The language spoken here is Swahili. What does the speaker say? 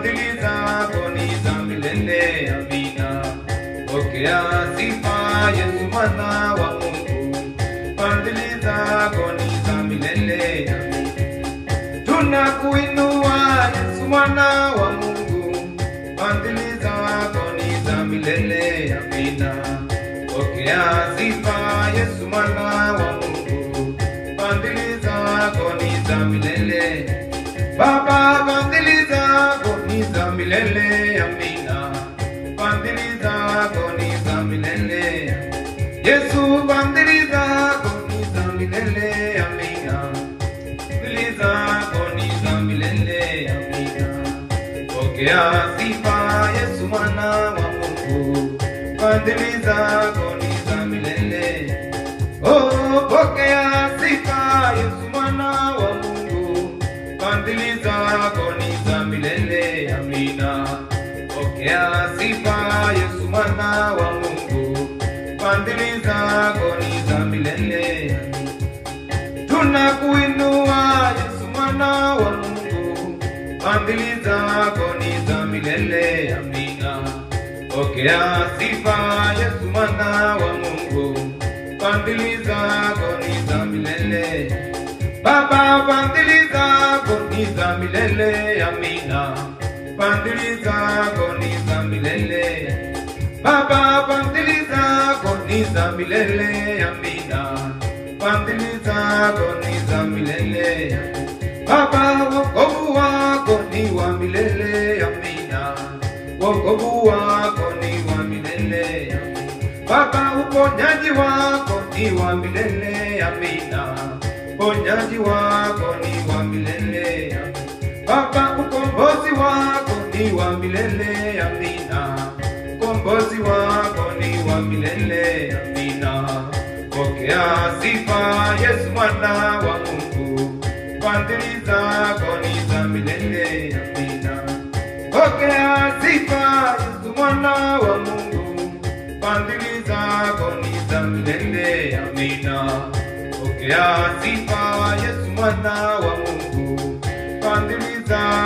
Mandiliza koniza milele amina. Pokea sifa Yesu mwana wa Mungu. Mandiliza koniza milele amina. Tunakuinua Yesu mwana wa Mungu. milele amina. Pokea sifa Yesu mwana milele, amina. Fadhili zako ni za milele, Yesu. Fadhili zako ni za milele, amina. Fadhili zako ni za milele, amina. Pokea sifa Yesu, mwana wa Mungu. Fadhili zako ni Amina. Pokea sifa Yesu mwana wa Mungu, fadhili zako ni za milele. Tunakuinua Yesu mwana wa Mungu, fadhili zako ni za milele. Amina. Pokea sifa Yesu mwana wa Mungu, fadhili zako ni za milele. Baba, fadhili zako ni za milele. Amina fadhili zako ni za milele Baba, fadhili zako ni za milele, amina. Fadhili zako ni za milele Baba, wokovu wako ni wa milele, amina. Wokovu wako ni wa milele Baba, uponyaji wako ni wa milele, amina. ponyaji wako ni wa milele Baba ni wa milele, amina. Ukombozi wako ni wa milele, amina. Pokea sifa Yesu, mwana wa Mungu, fadhili zako ni za milele, amina. Pokea sifa Yesu, mwana wa Mungu, fadhili zako ni za milele, amina. Pokea sifa Yesu, mwana wa Mungu, fadhili zako